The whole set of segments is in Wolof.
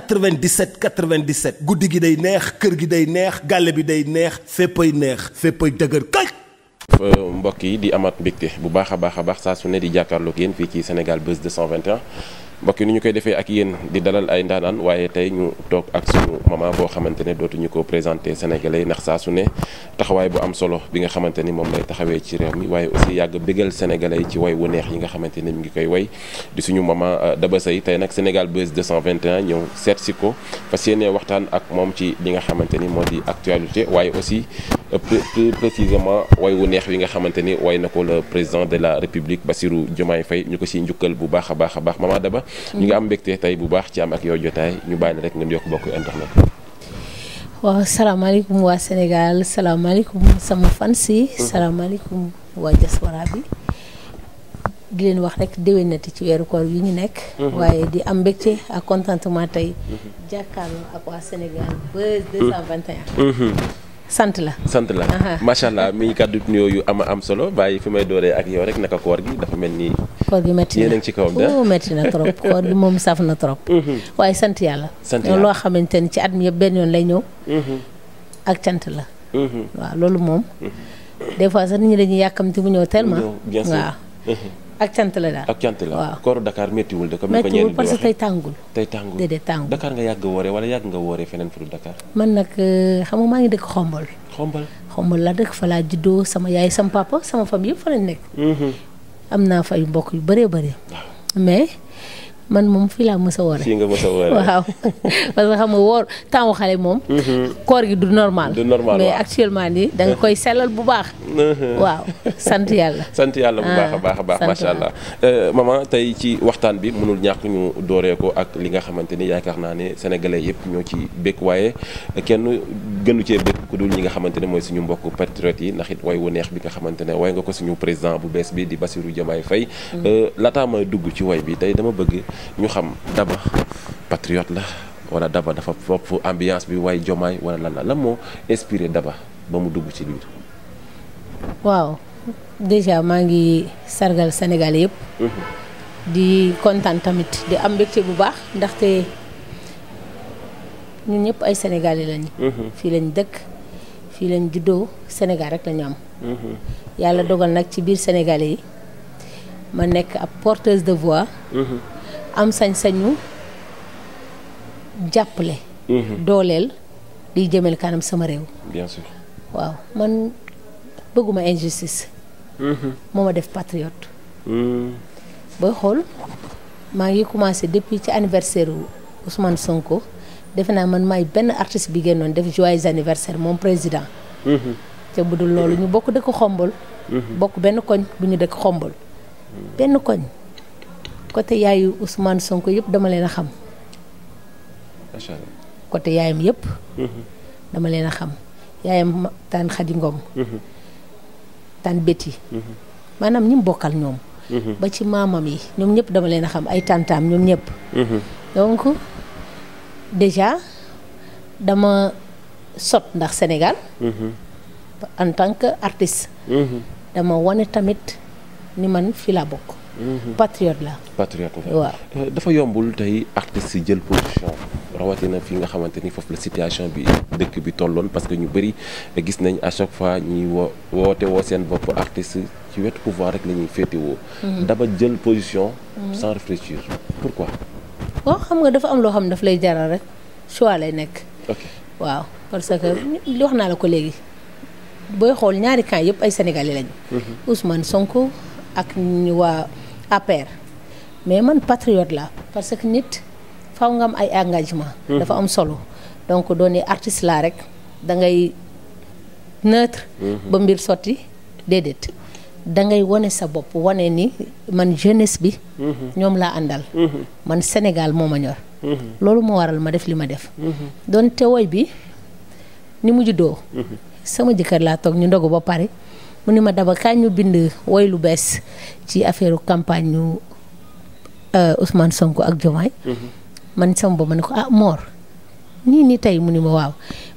97 97 guddi gi day neex kër gi day neex gàlle bi day neex féppay neex féppay dëgër kay euh, mbokk yi di amaat mbégte bu baax a baax a baax saa su ne di jàkkaarloog yéen fii ci Sénégal Buzz 221 mbokk yi ni ñu koy defee ak yéen di dalal ay ndaanaan waaye tey ñu toog ak suñu maman boo xamante ne dootuñu ko présenté sénégalais ndax saa su ne taxawaay bu am solo bi nga xamante ni moom taxawee ci réew mi waaye aussi yàgg bégal sénégalais ci way wu neex yi nga xamante ne mi ngi koy way di suñu maman euh, Daba Seye tey nag Sénégal Buzz 221 ñëw seet si ko fas yéenee waxtaan ak moom ci li nga xamante ni moo di actualité waaye aussi euh, plus précisément way wu neex yi nga xamante ni way na ko la président de la république Bassirou Diomaye Faye ñu ko siy njukkal bu baax a baax a baax maman Daba ñu ngi am mbégte tey bu baax ci am ak yow jotaay ñu bàyyi la rek nga yokk bokk internet. waaw salaamaaleykum waa Sénégal salaamaaleykum sama fans yi. Mhm. salaamaaleykum waa diaspora bi. di leen wax rek déwénati ci weeru koor yi ñu nekk. Mhm. waaye di am mbégte ak contentement tey. Mhm. jàkkaarloo ak waa Sénégal ba sant la sant la. macha allah mi ngi kàddu nuyoo yu am am solo bàyyi fi may dooree ak yow rek naka koor gi dafa mel nii koor gi métti na ci kawam de métti na trop koor gi moom saf na trop. Mhm. waaye sant yàlla. sant yàlla loo xamante ni ci at mi yëpp benn yoon lay ñëw. Mhm. ak cant la. Mhm. waaw loolu moom. des fois sax nit ñi dañuy yàkkamti mu ñëw tellement. waaw. ak cant la daal ak cant la waaw kooru Dakar méttiwul de. comme ni ko ñenn di parce tey tàngul. tey tàngul déedéet tàngul nga yàgg woore wala yàgg nga woore feneen fu dul Dakar. man nag euh, xam nga maa ngi dëkk xombal. xombal xombal laa dëkk fa laa juddoo sama yaay sama papa sama famille yëpp fa lañ nekk. am naa fa ay mbokk yu bëree bëri mais man moom fii laa mës a wooree. fii nga mës a wooree xam nga woor temps xale moom. Mm-hmm. koor gi du normal. du normal mais actuellement nii da nga koy sellal bu baax. Mm-hmm. waaw sant sant yàlla bu baax a baax a baax ah, macha allah. Euh, maman tey ci waxtaan bi mënul ñàkk ñu dooree ko ak li nga xamante ni yaakaar naa ne sénégalais yëpp ñoo ci békk kenn gënu cee békk ku dul ñi nga xamante ne mooy suñu mbokk patriotes yi ndax it way wu neex bi nga xamante ne way nga ko suñu président bu bees bi di Bassirou Diomaye Faye. Mm-hmm. Euh, laataa may dugg ci woy bi tey dama bëgg ñu xam Daba patriote la wala Daba dafa fopp ambiance bi waaye jomaay wala lan la lan moo inspiré Daba ba mu dugg ci biir. waaw déjà maa ngi sargal Sénégal yëpp. Mhm. di kontaan tamit di am mbégte bu baax ndaxte ñun ñëpp ay sénégalais lañu. Mhm. fii lañ dëkk fii lañ juddoo Sénégal rek lañu am. Mhm. yàlla dogal nag ci biir sénégalais yi ma nekk ab porteuse de voix. am sañ-sañu jàppale. Mhm. dooleel di jëmel kanam sama réew. bien waaw man bëgguma injustice. Mhm. moo ma def patriote. Mhm. booy xool maa ngi commencé depuis ci anniversaire wu Ousmane Sonko defe naa man may benn artiste bi génnoon def joyeux anniversaire moom président. te budul loolu ñu bokk dëkk xombol. bokk benn koñ bu ñu dëkk xombol benn koñ. côté yaayu Ousmane Sonko yëpp dama leen a xam. macha côté yaayam yëpp. Mhm. dama leen a xam yaayam taan Xadi Ngom. Mhm. taan Betty. Mhm. maanaam ñi mu bokkal ñoom. ba ci maamam yi ñoom ñëpp dama leen a xam ay tantaam ñoom ñëpp. donc déjà dama sot ndax Sénégal. en tant que artiste. dama wane tamit ni man fi laa bokk. Mhm. patriote la. patriote la waaw. Euh, dafa yombul tey artistes yi jël position rawatina fi nga xamante ni foofu la situation bi dëkk bi tolloon parce que ñu bëri gis nañ à chaque fois ñuy wo woote woo seen bopp artistes ci wetu pouvoir rek la ñuy féetewoo. Mhm. daba jël position. Mhm. sans réfléchir pourquoi. waaw xam nga dafa am loo xam daf lay jaral rek choix lay nekk. ok waaw parce que li wax naa la ko léegi. booy xool ñaari camp yëpp ay sénégalais lañu. Ousmane Sonko ak waa. APR mais man patriote la parce que nit faw nga am ay engagement hmm. dafa am solo donc doone artiste laa rek da ngay neutre hmm. ba mbir sotti déedéet da ngay wane sa bopp wane ni man jeunesse bi hmm. ñoom laa àndal man Sénégal moo ma ñor loolu moo waral ma def li ma def doonte woy bi ni mu juddoo sama jëkkër laa toog ñu ndogu ba pare mu ni ma daba kañ ñu bind woy lu bees ci affaire campagne ñu euh, Ousmane Sonko ak Diomaye mm-hmm. man sama boobu ma ne ko ah Mor nii nii tey mu ni ma waaw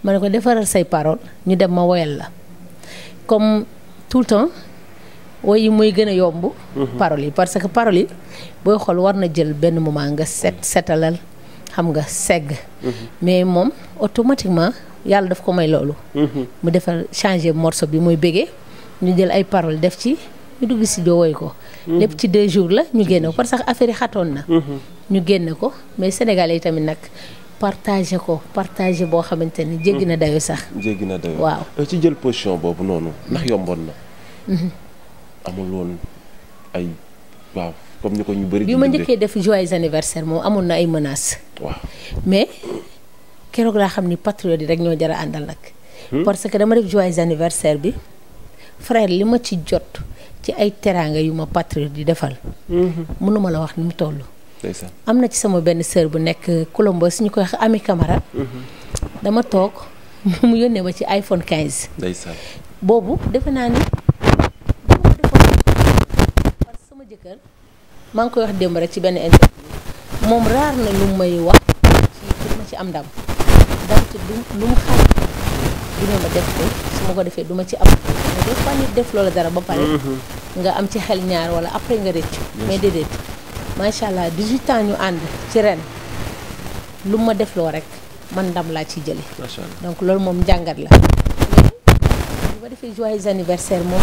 man ne ko defaral say parole ñu dem ma woyal la comme tout le temps woy yi mooy gën a yomb mm-hmm. parole yi parce que parole yi booy xool war na jël benn moment nga set setalal xam nga segg mm-hmm. mais moom automatiquement yàlla daf ko may loolu mu defar changer morceau bi muy bégee ñu jël ay paroles def ci ñu dugg si woy ko. Mm-hmm. lépp ci deux jours la ñu génne ko parce que affaire yi xatoon na. Mm-hmm. ñu génne ko mais sénégalais yi tamit nag partagé ko partage boo xamante ni. jéggi na mm-hmm. dayo sax. jéggi na dayo waaw. Euh, ci jël position boobu noonu ndax yomboon na. amul woon ay waaw. comme ñu ko ñu bëri bi ma njëkkee def joyeux anniversaire moom amoon na ay menaces. waaw mais keroog laa xam ni patriote yi rek ñoo jar àndal nag. Hmm? parce que dama def joyeux anniversaire bi. frère li ma ci jot ci ay teraanga yu ma patriote di defal. Mhm. mënuma la wax ni mu toll. am na ci sama benn sœur bu nekk Colombo su ñu koy wax Ami Camara. Mhm. dama toog mu yónnee ma ci iPhone 15. ndeysaan boobu defe naa ni dama defoon parce sama jëkkër maa ngi koy wax démb ci benn interview moom raar ci am ndam ko su ma ko defee du ma ci am. mais des fois nit def loola dara ba pare. Mhm. nga am ci xel ñaar wala après nga rëcc. mais déedéet macha allah 18 ans ñu ànd ci ren lu ma def loo rek man ndam laa ci jële donc loolu moom njàngat la. bu ma defee joyeux anniversaire moom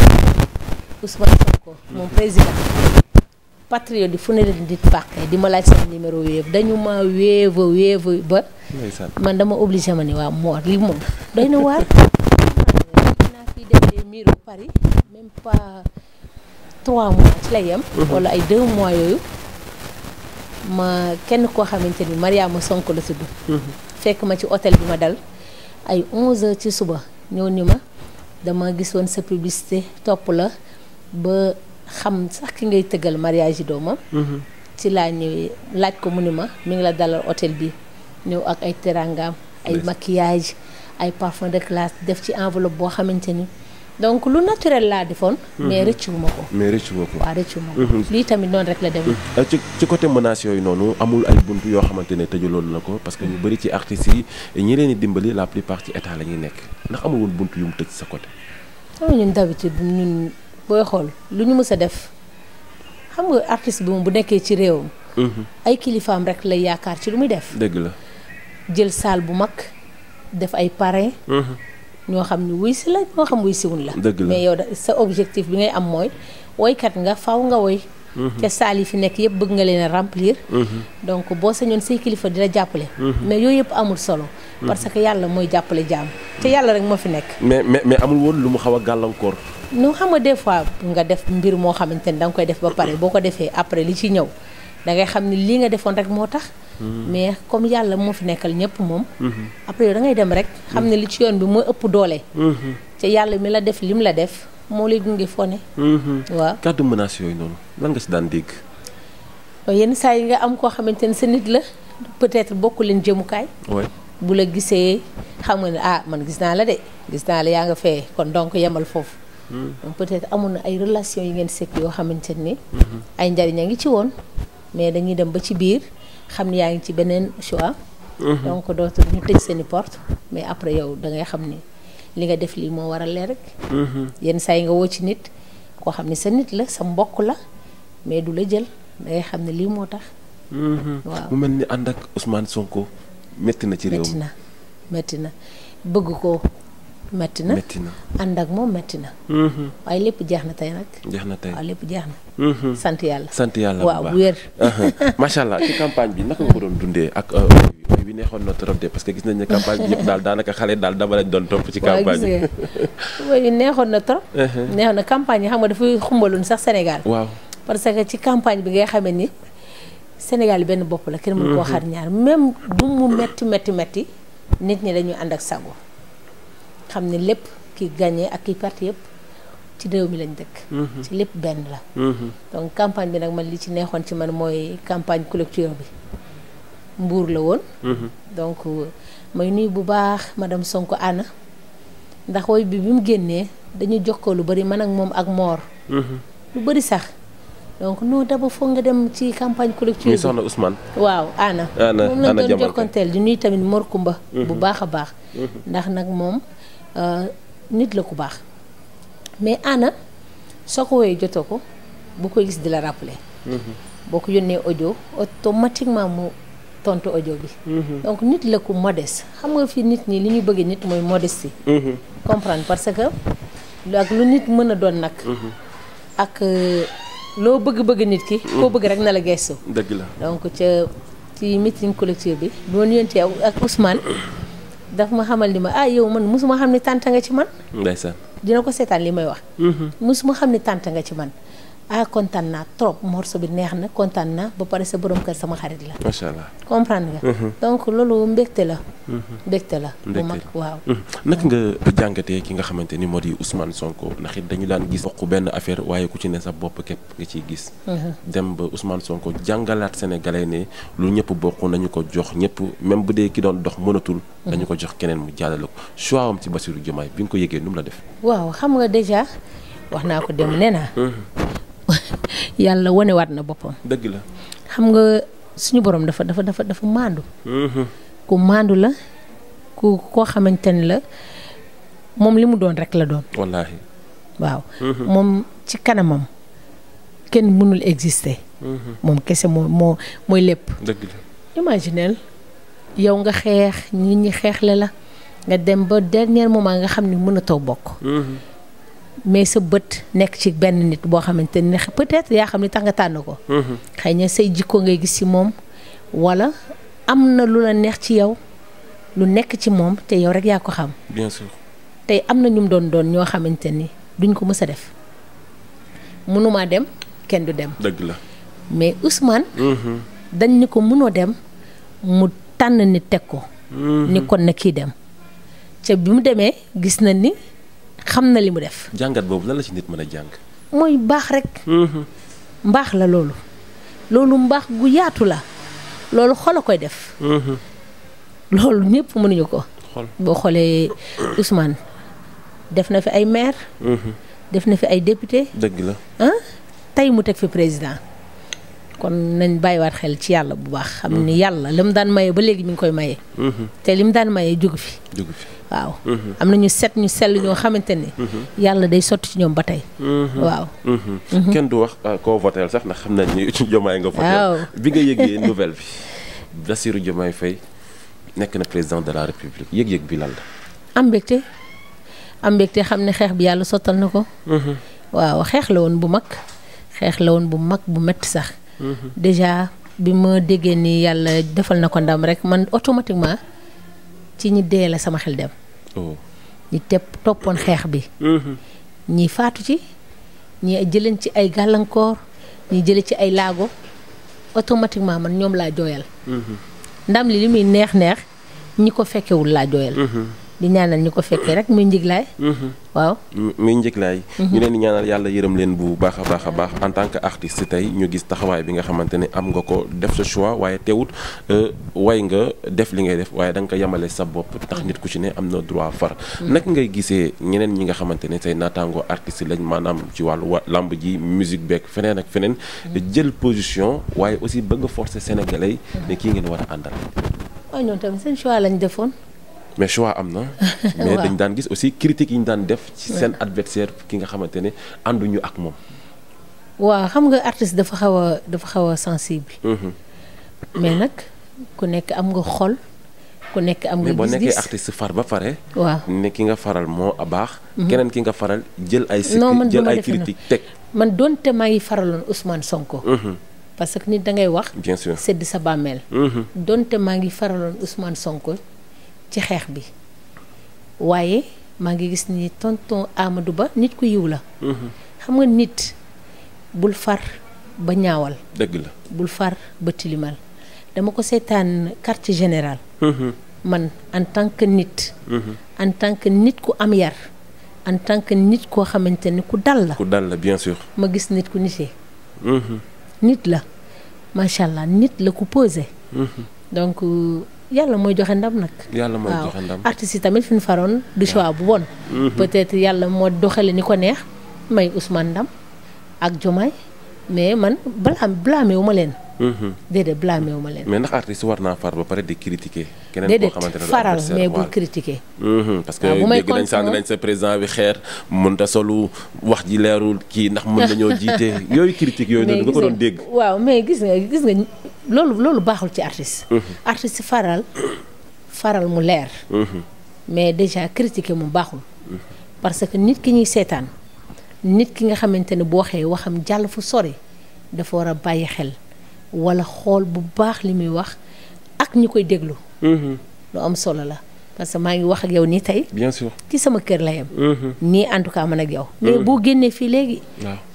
Ousmane ko moom mhm. président. patriote yi fu ne leen di pàqee di ma laaj seen numéro wéev dañu ma wéeva wéeva ba man dama obligé ma ni waaw moor li moom doy na waar miiru Paris même pas trois mois ci la yem. Mhm. wala ay deux mois yooyu ma kenn koo xamante ni Mariama sonk la tudd. Mhm. fekk ma ci hôtel bi ma dal ay onze heures ci suba ñëw ni ma dama gisoon sa publicité topp la ba xam sax ki ngay tëggal mariage yi doomam. Mhm. ci laa ñëwee laaj ko mu ni ma mu ngi la dalal hôtel bi ñëw ak ay teraangaam ay maquillage ay parfum de classe def ci enveloppe boo xamante ni. donc lu naturel laa defoon. Mhm. mais rëccuwuma ko. mais rëccuwuma ko waaw ko. Mhm. lii tamit noonu rek la demee. Euh, ci ci côté menaces yooyu noonu amul ay buntu yoo xamante ne loolu na ko parce que ñu bëri ci artistes yi ñi leen di dimbali la plupart ci état la ñuy nekk ndax amul woon buntu yu mu tëj sa côté. xam ñun d'habitude booy xool lu ñu mës a def xam nga artiste bi moom bu nekkee ci réewam. Mhm. ay kilifaam rek lay yaakaar ci lu muy def. dëgg la jël salle bu mag def ay parrain. ñoo xam ne wuy si la ñoo xam wuy siwun la mais yow da sa objectif bi ngay am mooy woykat nga faw nga woy mhm. te saal yi fi nekk yëpp bëgg nga leen a remplir mhm. donc boo sañoon say kilifa dina jàppale mhm. mais yooyu yëpp amul solo parce que yàlla mooy jàppale jaam te yàlla rek moo fi nekk mais mais amul woon lu mu xaw a gàllankoor nu xam a des fois nga def mbir moo xamante ne da nga koy def ba pare boo ko defee après li ci ñëw da ngay xam ni lii nga defoon rek moo tax. Hmm. mais comme yàlla moo fi nekkal ñëpp moom. Hmm. après yow da ngay dem rek. xam hmm. ne li ci yoon bi mooy ëpp doole. te yàlla mi la def li mu la def moo lay gunge fone. waaw kàddu menaces yooyu noonu lan nga si daan dégg. yenn saa yi nga am koo xamante ne sa nit la peut-être bokk leen jëmukaay. bu la gisee xam nga ne ah man gis naa la gis naa la yaa nga fee kon donc yemal foofu. donc peut-être amoon na ay relations yi ngeen sekk yoo xamante nii ay njariñ a ngi ci woon. mais dañuy dem ba ci biir xam ni yaa ngi ci beneen choix. Mhm. donc dootul ñu tëj seen i porte mais après yow da ngay xam ni li nga def lii moo waral lee rek. Mhm. yenn saa yi nga woo ci nit koo xam ni sa nit la sa mbokk la mais du la jël da xam ne lii moo tax. Mhm. waaw mu mel ni ànd ak Ousmane Sonko métti na ci réew mi na métti na bëgg ko metti na metti na ànd ak moom metti na. Mhm. waaye lépp jeex na tey nag. jeex na tey waaw lépp jeex na. Mhm. sant yàlla sant yàlla bu baax waaw uh-huh. macha allah ci campagne bi nag nga ko doon dundee ak. Uh, neexoon na trop parce que gis nañ ne campagne daal daanaka xale daal dama lañ doon topp. ci campagne bi neexoon na trop. Uh-huh. neexoon na campagne yi xam nga dafay xumbaloon sax Sénégal. waaw parce que ci campagne bi ngay xamee ni Sénégal benn bopp la. kenn mënu koo mm-hmm. xar ñaar même bu mu metti metti metti nit ñi dañuy ànd ak sago. xam ne lépp ki gagné ak ki perte yëpp ci réew mi lañ dëkk. Mhm. ci lépp benn la. Mhm. donc campagne bi nag man li ci neexoon ci man mooy campagne culture bi mbuur la woon. Mhm. donc may nuyu bu baax ma dem Sonko ana ndax woy bi bi mu génnee dañu jox ko lu bari man ak moom ak moor. lu bari sax. donc non daba foog nga dem ci campagne collective bi soxna Ousmane. waaw ana moom lañ doon jokkonteel di nuyu tamit Mor Kumba bu baax a baax. ndax nag moom. Euh, nit la ku baax mais ana soo ko woyee jotoo ko bu koy gis di la rappeler mm-hmm. boo ko yónnee audio automatiquement mu tontu audio bi mm-hmm. donc nit la ku modeste xam nga fii nit ñi li ñu bëggee nit mooy modeste mm-hmm. comprendre parce que ak lu nit mën a doon nag ak euh, loo bëgg-bëgg nit ki koo bëgg rek na la gestu la donc ci meeting collectif bi doon yónnee ak Ousmane daf ma xamal ni ma ah yow man mosuma xam ne tànta nga ci man. ndeysaan dina ko seetaan li may wax. Mhm. ma xam ne tànta nga ci man. ah kontaan naa trop morceau bi neex na kontaan naa ba pare sa borom kër sama xarit la. macha allah comprendre nga. Mhm. donc loolu mbégte la. Mhm. mbégte la bu mag waaw. Mhm. naka nga jàngatee ki nga xamante ni moo di Ousmane Sonko ndax it dañu daan gis bokk benn affaire waaye ku ci ne sa bopp képp nga ciy gis. dem ba Ousmane Sonko jàngalaat Sénégalais ne lu ñëpp bokk nañu ko jox ñëpp même bu dee ki doon dox mënatul. dañu ko jox keneen mu jàllale ko choix am ci Bassirou Diomaye bi nga ko yëgee nu mu la def. waaw xam nga déjà wax naa ko dem nee naa. yàlla wanewaat na boppam. dëgg xam nga suñu borom dafa dafa dafa dafa maandu. Mm-hmm. ku maandu la ku koo xamante ni la moom li mu doon rek la doon. wallaahi. waaw. Mm-hmm. moom ci kanamam kenn mënul exister. Mm-hmm. moom kese moo moo mooy lépp. dëgg yow nga xeex nit ñi xeexle la nga dem ba dernier moment nga xam ni a taw bokk. mais sa bët nekk ci benn nit boo xamante ne peut-être yaa xam ni tax nga tànn ko. Mm-hmm. xëy na say jikko ngay gis ci moom wala am na lu la neex ci yow lu nekk ci moom te yow rek yaa ko xam. bien tey am na ñu mu doon doon ñoo xamante ni duñ ko mës a def mënumaa dem kenn du dem. mais Ousmane. Mm-hmm. dañ ni ko mënoo dem mu tànn ni teg ko. Mm-hmm. ni kon na kii dem ca bi mu demee gis na ni. xam na li mu def. jàngat boobu lan la ci nit mën a jàng. mooy baax rek. Mm-hmm. mbaax la loolu. loolu mbaax gu yaatu la loolu xol a koy def. Mm-hmm. loolu ñëpp mënuñu ko. boo xoolee usmaan def na fi ay maire. Mm-hmm. def na fi ay député. dëgg la ah tey mu teg fi président. kon nañ bàyyiwaat xel ci yàlla bu baax. xam ni mhm. yàlla li mu daan maye ba léegi mi ngi koy maye. Mhm. te li mu daan maye jógu fi. jógu fi waaw. Mhm. am na ñu set ñu sell ñoo xamante ni. yàlla day sotti ci ñoom ba tey. waaw. kenn du wax euh, koo voteel sax ndax xam nañ ni Diomaye nga voteel. bi nga yëgee nouvelle bi. Bassirou Diomaye Faye nekk na président de la république yëg-yëg bi lan la. am mbégte am mbégte xam ne xeex bi yàlla sottal na ko. waaw xeex la woon bu mag. xeex la woon bu mag bu metti sax. déjà bi ma déggee ni yàlla defal na ko ndam rek man automatiquement ci ñi dee la sama xel dem. Oh. ñi tepp toppoon xeex bi. Mhm. ñi faatu ci ñi jëleen ci ay gàllankoor ñi jële ci ay laago automatiquement man ñoom laa jooyal. Mhm. ndam li li muy neex neex ñi ko fekkewul laa jooyal. Mhm. di ñaanal ñu ko fekkee rek muy njiglaay mhm. waaw muy njiglaay mhm. ñu neen di ñaanal yàlla yërëm leen bu baax a baax a baax en tant que artiste tey ñu gis taxawaay bi nga xamante ne am nga ko def sa choix waaye teewut euh, way nga def li ngay def waaye danga nga ko yemale sa bopp tax nit ku ci ne am na droit far mhm. nag ngay gisee ñeneen ñi nga xamante ne say naataangoo artiste lañ maanaam ci wàllu làmb ji musique beeg feneen ak feneen jël position waaye aussi bëgg forcer sénégalais ne kii ngeen war a àndal mais choix am na. mais dañ daan gis aussi critique yi ñu daan def. ci seen adversaire ki nga xamante ne ànduñu ak moom. waaw xam nga artiste dafa xaw a dafa xaw a sensible. Mhm. mais nag ku nekk am nga xol. ku nekk am nga gis-gis boo nekkee artiste far ba pare. waaw ne ki nga faral moo baax. Mhm. keneen ki nga faral jël ay. non jël ay critique teg. man donte maa ngi faraloon Ousmane Sonko. Mhm. parce que nit da ngay wax. bien sedd sa bàmmeel. donte maa ngi faraloon Ousmane Sonko. ci xeex bi waaye maa ngi gis ni tonton Amadou Ba nit ku yiw la. Mhm. xam nga nit bul far ba ñaawal. dëgg la bul far ba tilimal dama ko seetaan quartier général. Mhm. man en tant que nit. Mhm. en tant nit ku am yar. en tant que nit koo xamante ni ku dal la. ku dal la ma gis nit ku nitee. nit la macha allah nit la ku posé. donc. Euh, yàlla mooy joxe ndam nag. yàlla mooy joxe ndam waaw yi tamit fi ñu faroon di choix bu bon. Mhm. peut-être yàlla moo doxale ni ko neex may Ousmane Ndam ak Diomaye mais man balaa blâmé wu ma leen. Mm-hmm. déedéet blâmé wu ma leen. mais ndax artiste war naa far ba pare di critiquer. keneen koo xamante ne faral mais bul critiquer. Mm-hmm, parce que léegi dañ sànni nañ sa président bi xeer mënut a solu wax ji leerul kii ndax mën nañoo jiite yooyu critique yooyu noonu nga ko doon dégg. waaw mais gis nga gis nga loolu loolu baaxul ci artiste. Mm-hmm. artiste faral faral mu leer. mais déjà critiquer mu baaxul. parce que nit ki ñuy seetaan nit ki nga xamante ne boo xee waxam jàll fu sori dafa war a bàyyi xel. wala xool bu baax li muy wax ak ñu koy déglu. Mm-hmm. lu am solo la parce que maa ngi wax ak yow nii tey. bien sûr ci sama kër la yem. Mm-hmm. nii en tout cas man ak yow. mais mm-hmm. boo génnee fii léegi.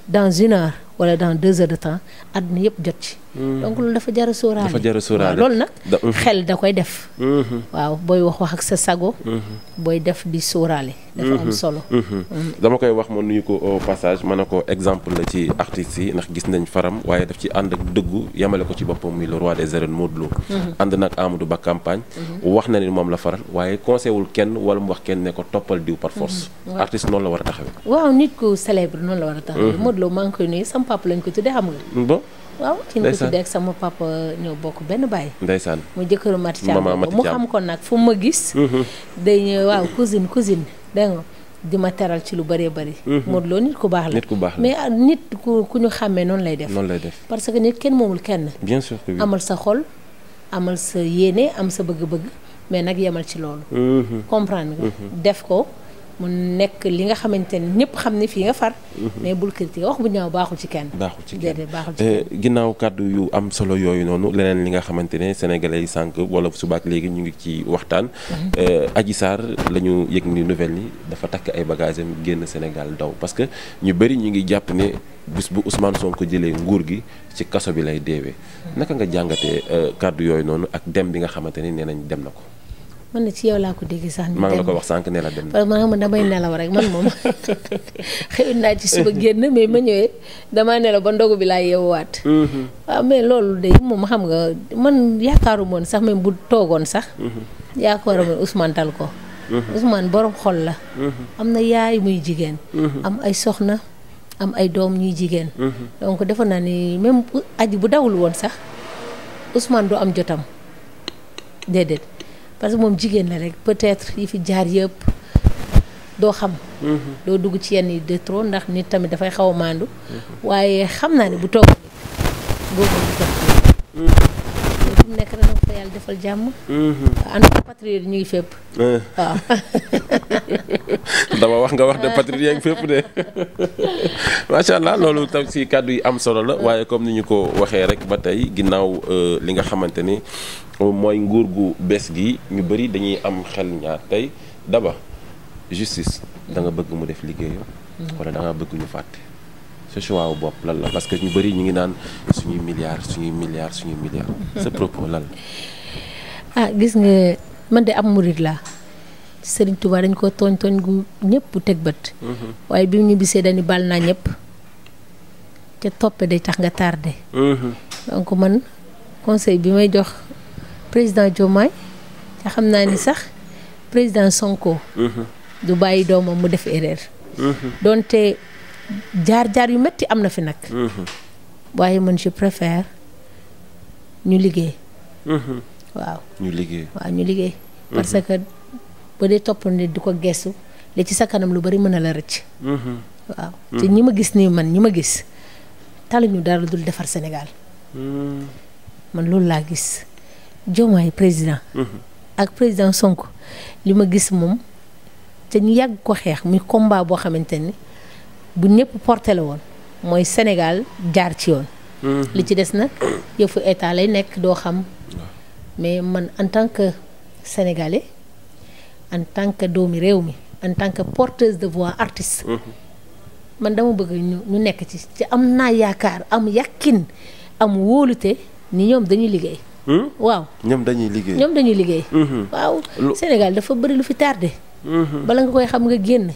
dans une heure wala dans deux heures de temps àdduna yëpp jot ci. donc loolu dafa jar a sóoraale. loolu nag. xel da koy def. waaw booy wax wax ak sa sago. booy def di sóoraale. dafa am mhm. solo. Mhm. Mhm. dama koy wax ma nuyu ko au passage ma ne ko exemple la ci artistes yi ndax gis nañ faram waaye daf ci ànd ak dëggu yemale ko ci boppam muy le roi des arènes Modou Lo. ànd nag Amadou Ba campagne. wax na ni moom la faral waaye conseil wul kenn wala mu wax kenn ne ko toppal diw par force. artiste noonu la war a taxawee. waaw nit ku célèbre noonu la war a taxawee. Modou Lo maa ngi koy nuyu sama papa lañ ko tuddee xam nga. waaw ci ñu ko tuddee ak sama papa bokk benn baay. ndeysaan mu jëkkëru Mati Thiam mu xam ko nag fu ma gis. day ñëw waaw cousine cousine. dégg nga di ma teral ci lu bëree bari mhm. Modou Lo nit ku baax la nit ku baax la mais euh, nit ku ku ñu xàmmee noonu lay def. noonu parce que nit kenn moomul kenn. bien sûr amal sa xol amal sa yéene am sa bëgg-bëgg mais nag yemal ci loolu. Mhm. comprendre nga mhm. def ko. mu nekk li nga xamante ne ñëpp xam ne fii nga far. Mhm. mais bul critique wax bu ñaaw baaxul ci kenn. baaxul ci kenn baaxul ci eh, ginnaaw kàddu yu am solo yooyu noonu leneen li nga xamante ne sénégalais yi sànq wala subaak léegi ñu ngi ci waxtaan. Mhm. Eh, Adji Sarr la ñu yëg ni nouvelle yi dafa takk ay bagages génn Sénégal daw parce que ñu bëri ñu ngi jàpp ne bis bu Ousmane Sonko jëlee nguur gi ci kaso bi lay deewee. Mhm. naka nga jàngatee eh, kàddu yooyu noonu ak dem bi nga xamante ne nee nañ dem na ko. man na ci yow laa ko dégg sax. maa ngi la ko wax sànq ne la dem na man man damay nelaw rek man moom xëy naa ci suba génn mais ma ñëwee damaa nelaw ba ndogu bi laay yeewuwaat. waaw mhm. ah, mais loolu de moom xam nga man yaakaaru moon sax bu toogoon sax. Mhm. yaakaaru moon Ousmane dal mhm. xol la. na yaay muy jigéen. am ay soxna am ay doom ñuy jigéen. donc defe naa ni même aji bu dawul woon sax Ousmane du am jotam déedéet. parce que moom jigéen la rek peut-être yi fi jaar yëpp doo xam. Mhm. doo dugg ci yenn yi de ndax nit tamit dafay xaw a maandu. Mhm. waaye xam naa ne bu toog boo mhm. mu nekk ren fa yàlla defal jàmm. ànd patriote ñu ngi fépp eh. waaw. dama wax nga wax de patrie yeeg fépp de macha allah loolu tam si kàddu yi am solo la waaye comme ni ñu ko waxee rek ba tey ginnaaw euh, li nga xamante ni mooy nguur gu bees gi ñu bëri dañuy am xel ñaar tey daba justice danga bëgg mu def liggéeyam. Mm-hmm. wala da nga bëgg ñu fàtte. ce choix wu bopp lan la parce ñu bëri ñu ngi naan suñuy milliards suñuy milliards suñuy milliards. Mm-hmm. sa propos lan la. ah gis nga man de am murid laa. Serigne Touba dañ ko tooñ tooñ gu ñëpp teg bët. Mm-hmm. waaye bi ñu bisee dañu bal naa ñëpp te toppe day tax nga tardé. Mm-hmm. donc man conseil bi may jox président Diomaye te xam naa ni sax président Sonko. Mm-hmm. du bàyyi doomam mu def erreur. doonte jaar jaar yu metti am na fi nag. waaye mën ci préfère ñu liggéey. waaw ñu liggéey waaw ñu liggéey. parce que ba dee topp nit di ko gestu li ci sa kanam lu bari mën a la rëcc. Mm-hmm. waaw mm-hmm. te ñi ma gis nii man ñi ma gis ñu dara dul defar Sénégal. Mm-hmm. man loolu laa gis Diomaye président. ak président sonk li ma gis moom te ñu yàgg ko xeex muy combat boo xamante ni bu ñëpp porté la woon mooy Sénégal jaar ci yoon. li ci des nag yëfu état lay nekk doo xam. mais man en tant que sénégalais. en tant que doomi réew mi en tant que porteuse de voix artiste. Mhm. man dama bëgg ñu ñu nekk ci ci am naa yaakaar am yàkkin am wóolute ni ñoom dañuy liggéey. Hmm? waaw ñoom dañuy liggéey. ñoom dañuy liggéey. Mhm. Sénégal dafa bari lu fi tardé. Mhm. bala nga koy xam nga génn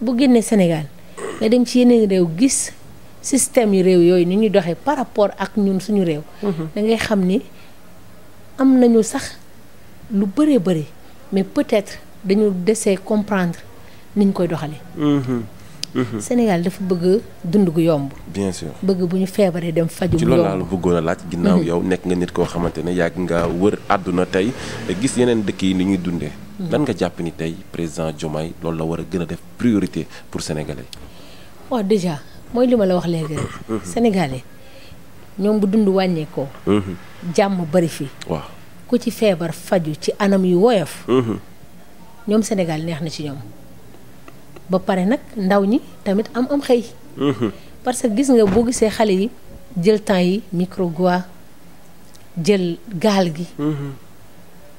bu génnee Sénégal nga dem ci yeneen réew gis système yu réew yooyu ni ñuy doxee par rapport ak ñun suñu réew. da ngay xam ni am nañu sax lu bëree bëri. mais peut-être dañu desee comprendre niñ koy doxalee. Mhm. Mhm. Sénégal dafa bëgg dund gu yomb. bien sûr bëgg bu ñu feebaree dem faju ci loolu laa la bëggoon laaj mhm. ginnaaw yow nekk nga nit koo xamante ne yàgg nga wër àdduna tey gis yeneen dëkk yi ni ñuy dundee. lan nga jàpp ni tey président Diomaye loolu la war a gën a def priorité pour sénégalais. waaw déjà mooy li ma la wax léegi rek. sénégalais ñoom bu dund wàññeekoo. jàmm bari fii ku ci feebar faju ci anam yu woyof. Mhm. ñoom Sénégal neex na ci ñoom. ba pare nag ndaw ñi tamit am am xëy. Mhm. parce que gis nga boo gisee xale yi jël temps yi micro-gua jël gaal gi. Mhm.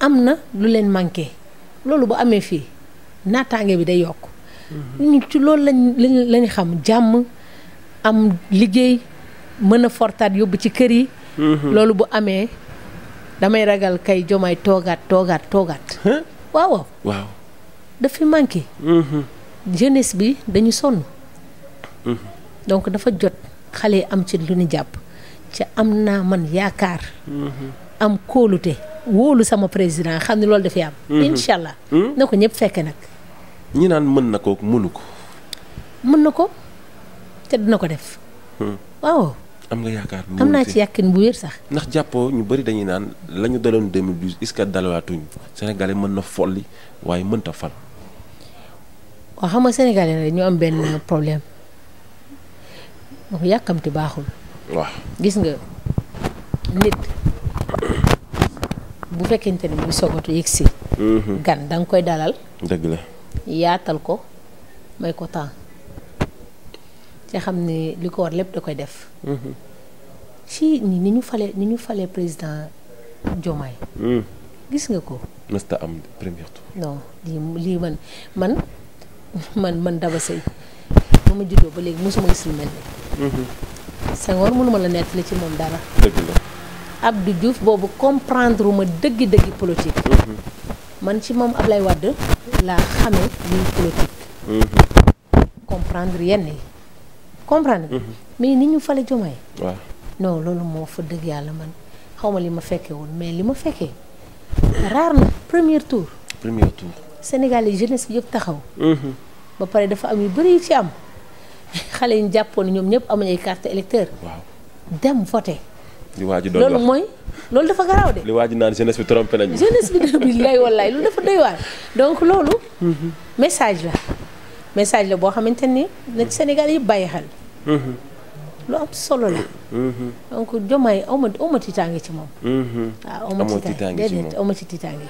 am na lu leen manqué loolu bu amee fii naataange bi day yokk. ci loolu lañ xam jàmm am liggéey mën a fortaat yóbbu ci kër yi. loolu bu amee. damay ragal kay Diomaye toogaat toogaat toogaat. waaw waaw. daf fi manqué. Mm-hmm. jeunesse bi dañu sonn. Mm-hmm. donc dafa jot xale yi am ci lu ñu jàpp ci am naa man yaakaar. Mm-hmm. am kóolute wóolu sama président xam ne loolu dafay am. incha allah. na ko ñëpp fekke nag. ñi naan mën na ko mënu ko. mën na ko te dina ko def. waaw. am nga yaakaar am naa ci yàkkin bu wér sax. ndax jàppoo ñu bari dañuy naan la ñu daloon 2012 est-ce que dalawaatuñu mën na folli waaye mënta fal. waaw xam nga sénégalais rek ñu am benn problème yàkkamti baaxul. waaw gis nga nit bu fekkente ne muy sogatu yegg si. Mhm. gan danga koy dalal. dëgg la yaatal ko may ko temps. ci xam ne li ko war lépp da koy def. Mhm. ci ni ñu fale ni ñu falee président Diomaye. Mhm. gis nga ko. mësta am premier tour. non lii lii man man man man Daba Seye ba ma juddoo ba léegi mosuma gis lu mel nii. Mhm. Senghor mënuma la nettali ci moom dara. dëgg la Abdou boobu comprendre ma dëgg-dëgg politique. man ci moom Ablaye Wade laa xamee luy politique. comprendre yenn yi. comprendre mhm. mais ni ñu fale Diomaye waaw non loolu moo fa dëgg yàlla man xaw ma li ma fekkee woon mais li ma fekkee raar na premier tour premier tour Sénégal yi jeunesse bi yëpp taxaw mhm. ba pare dafa am yu bëri yu ci am xale yi ñu jàppoon ñoom ñëpp amuñ ay carte électeur waaw dem voté li waa ji doon loolu mooy loolu dafa garaaw de li waa ji naan jeunesse bi trompé nañu jeunesse bi de bi lay wallaay loolu dafa doy waar donc loolu mhm. message la message la boo xamante ni na Sénégal yëpp bàyyi xel Mm-hmm. lu am solo la. Mm-hmm. donc Diomaye aw ma aw ma tiitaange ci moom. Mm-hmm. waaw aw ma tiitaange ci moom déedéet aw ma ci tiitaange.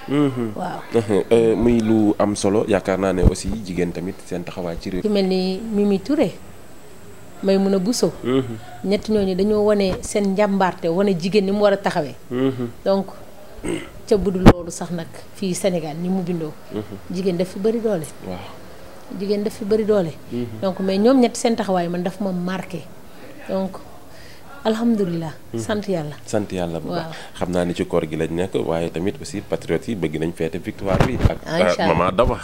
waaw. Eh, muy lu am solo yaakaar naa ne aussi jigéen tamit seen taxawaay ci réew. ci mel ni Mimi Touré Maimouna Bousso. ñett ñooñu dañoo wane seen njàmbaarte wane jigéen ni mu war a taxawee. donc ca budul loolu sax nag fii Sénégal ni mu bindoo. jigéen daf fi bëri doole. waaw. jigéen def fi bëri doole. Mhm. donc mais ñoom ñett seen taxawaay man daf ma marqué donc alhamdulilah. Mhm. sant yàlla. sant yàlla bu xam naa ni ci koor gi lañ nekk waaye tamit aussi patriotes yi bëgg nañ feete victoire bi. ak ah, ah, maman Daba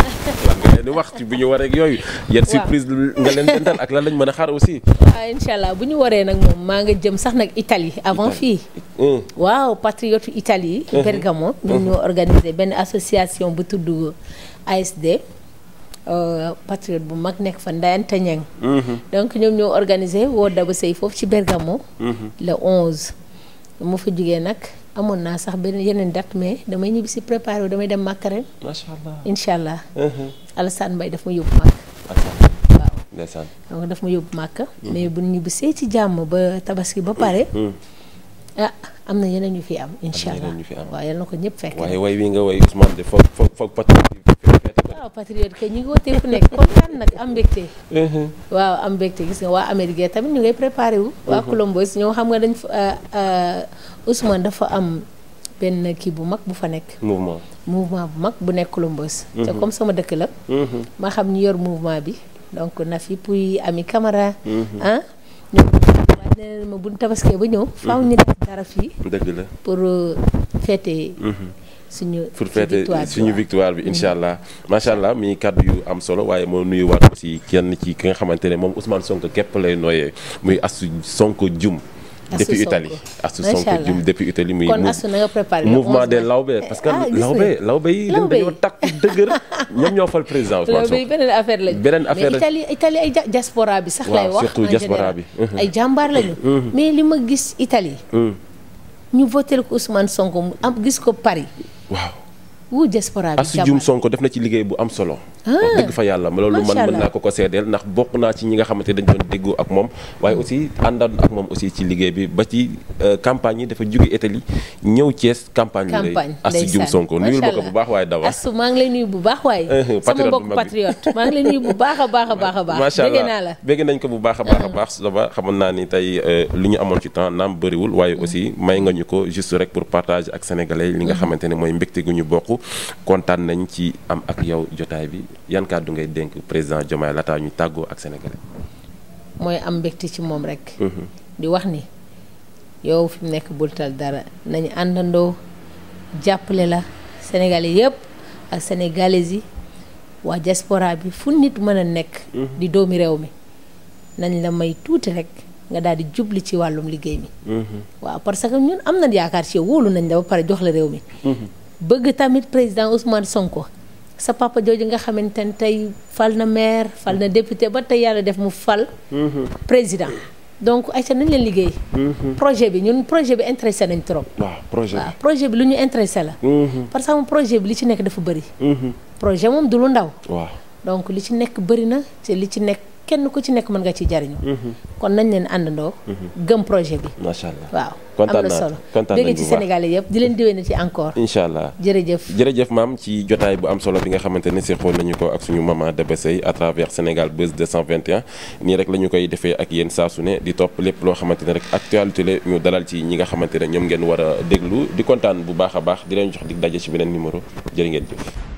lan nga leen di wax bu ñu waree ak yooyu. yan surprise nga leen dental ak lan lañ mën a xar aussi. waaw ah, incha allah bu ñu waree nag moom maa nga jëm sax nag Italie avant fii. Mm. waaw patriote Italie. Mm-hmm. Bergamo ñoom mm-hmm. ñoo organisé benn association bu tudd ASD. Euh, patriote bu mag nekk fa Ndayante Ñeng mhm. donc ñoom ñoo organisé woo Daba Sey foofu ci Bergamo mhm. le 11 mu fa jugee nag amoon naa sax benn yeneen date mais damay ñibbi si préparé wu damay dem Màkka ren macha allah incha allah mhm. Alassane Mbaye daf ma yóbbu Màkka waaw donc daf ma yóbbu Màkka mais bu ñibbi see ci jàmm ba tabaski ba pare ah am na yeneen ñu fi am incha waaw yal na ko ñëpp fekk waaye way wi nga way foog foog foog waaw patriote kay ñu ngi wootee fu nekk kontaan nag am mbégte. Uh-huh. waaw am mbégte gis nga waa Amérique tamit ñu ngay préparé wu. waa uh-huh. Colombos ñoo xam nga dañ fa uh, uh, Ousmane dafa am benn kii bu mag bu fa nekk. mouvement mouvement bu mag bu nekk Colombos. Uh-huh. te comme sama dëkk la. ma xam ñu yor mouvement bi donc Nafi Pouy Ami Camara. ah ñoom nee ma buñ tabaskee ba ñëw. faaw ñu def dara fii. dëgg la pour uh, fêter. suñu pour fêter suñu victoire bi mm-hmm. incha allah macha allah mi kàdd yu am solo waaye moo nuyuwaat aussi kenn ci ki nga xamante ne moom Ousmane Sonko képp lay nooyee muy Astou Sonko Dioum. depuis Italie Astou Sonko Dioum depuis Italie muy mouvement des eh, parce que lawbe ah, lawbe yi dañ dañoo takk dëgër ñoom ñoo fal président Ousmane affaire lañu beneen affaire mais Italie Italie ay bi sax lay wax surtout diaspora bi ay jàmbaar lañu mais li ma gis Italie ñu voté ko Ousmane Sonko am gis ko Paris waaw wu diaspora bi. Assou Dioum Sonko def na ci liggéey bu am solo. Ah. fa yàlla loolu man mën ko ko ndax bokk naa ci ñi nga xamante dañ doon déggoo ak moom waaye aussi àndoon ak moom aussi ci liggéey bi ba ci euh, campagne yi dafa jóge Italie ñëw Thiès campagne. campagne Assou Dioum Sonko nuyul ma ko bu baax waaye dawa. Assou maa ngi lay nuyu bu baax waaye. sama mbokk patriote maa ngi lay nuyu bu baax a baax a baax a macha allah bégg nañ ko bu baax a baax a baax daba xamoon naa ni tey euh, li ñu amoon ci temps naam bariwul waaye aussi may nga ñu ko juste rek pour partage ak sénégalais li nga mm-hmm. xamante ne mooy mbégte gu ñu bokk kontaan nañ ci am ak yow jotaay bi yan kàddu ngay dénk président Diomaye laata ñu tàggoo ak sénégalais. mooy am mbégte ci moom rek. Mhm. di wax ni yow fi nekk bultal dara nañu àndandoo jàppale la sénégalais yépp ak sénégalaises yi waa diaspora bi fu nit mën a nekk. Mhm. di doomi réew mi nañ la may tuuti rekk nga daal di jubli ci wàllum liggéey mi. Mhm. waa parce que ñun am na yaakaar ci yow wóolu nañ la ba pare jox la réew mi. bëgg tamit président Ousmane Sonko sa papa jooju nga xamante ne tey fal na maire fal na député ba tey yàlla def mu fal. Mhm. président donc ayca nañ leen liggéey. Mhm. projet bi ñun projet bi intéressé nañ trop. waaw projet bi lu ñu intéressé la. parce que am projet bi li ci nekk dafa bëri. Mhm. projet moom du lu ndaw. donc li ci nekk bëri na te li ci nekk. kenn ku ci nekk mën nga ci jariñu kon nañ leen àndandoo gëm projet bi macha allah waaw kontaan naa kontaan nañu bu baax ci Sénégal yëpp di leen diwee na ci encore. incha allah jërëjëf jërëjëf maam ci jotaay bu am solo bi nga xamante ne si xool nañu ko ak suñu maman Daba Seye à travers Sénégal Buzz 221. nii rek la ñu koy defee ak yéen saa su ne di topp lépp loo xamante ne rek actualité la ñu dalal ci ñi nga xamante ne ñoom ngeen war a déglu di kontaan bu baax a baax di leen jox dig daje ci beneen numéro jërë ngeen jëf.